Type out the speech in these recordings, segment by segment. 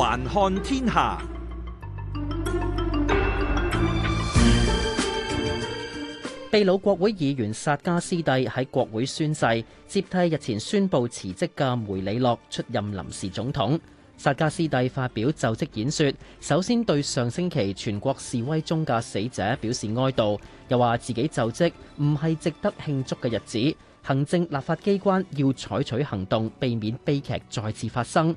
環看天下，秘魯國會議員薩加斯蒂喺國會宣誓，接替日前宣布辭職嘅梅里諾出任臨時總統。薩加斯蒂發表就職演說，首先對上星期全國示威中嘅死者表示哀悼，又話自己就職唔係值得慶祝嘅日子。行政立法機關要採取行動，避免悲劇再次發生。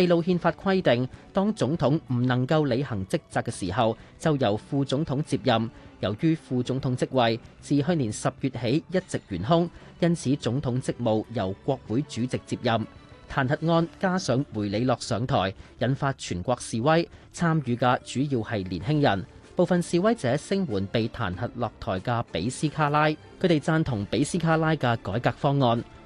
秘魯憲法規定，當總統唔能夠履行職責嘅時候，就由副總統接任。由於副總統職位自去年十月起一直懸空，因此總統職務由國會主席接任。彈劾案加上梅里諾上台，引發全國示威，參與嘅主要係年輕人。部分示威者聲援被彈劾落台嘅比斯卡拉，佢哋贊同比斯卡拉嘅改革方案。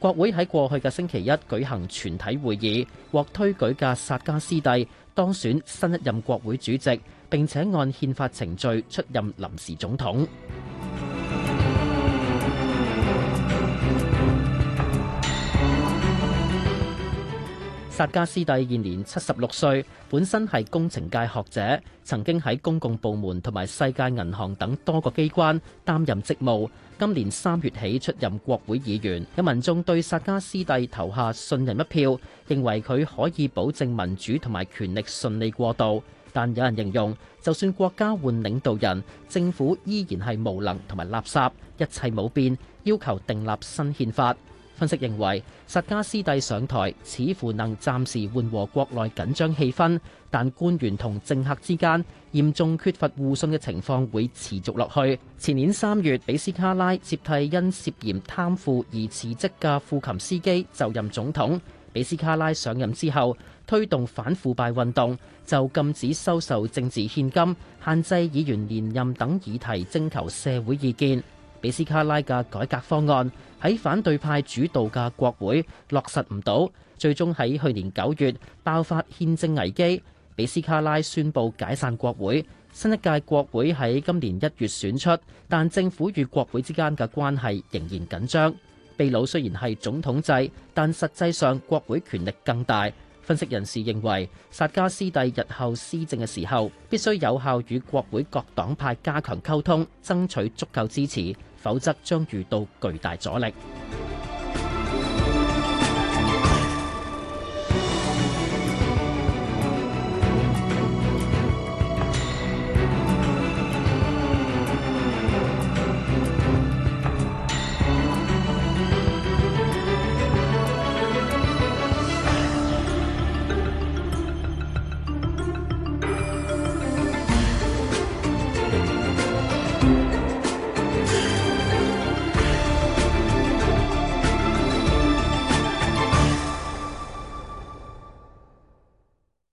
國會喺過去嘅星期一舉行全體會議，獲推舉嘅薩加斯蒂當選新一任國會主席，並且按憲法程序出任臨時總統。薩加斯蒂現年七十六歲，本身係工程界學者，曾經喺公共部門同埋世界銀行等多個機關擔任職務。今年三月起出任國會議員，有民眾對薩加斯蒂投下信任一票，認為佢可以保證民主同埋權力順利過渡。但有人形容，就算國家換領導人，政府依然係無能同埋垃圾，一切冇變，要求訂立新憲法。分析認為，薩加斯蒂上台似乎能暫時緩和國內緊張氣氛，但官員同政客之間嚴重缺乏互信嘅情況會持續落去。前年三月，比斯卡拉接替因涉嫌貪腐而辭職嘅富琴斯基就任總統。比斯卡拉上任之後推動反腐敗運動，就禁止收受政治獻金、限制議員連任等議題徵求社會意見。比斯卡拉嘅改革方案喺反對派主導嘅國會落實唔到，最終喺去年九月爆發憲政危機，比斯卡拉宣布解散國會，新一屆國會喺今年一月選出，但政府與國會之間嘅關係仍然緊張，秘魯雖然係總統制，但實際上國會權力更大。分析人士認為，薩加斯蒂日後施政嘅時候，必須有效與國會各黨派加強溝通，爭取足夠支持，否則將遇到巨大阻力。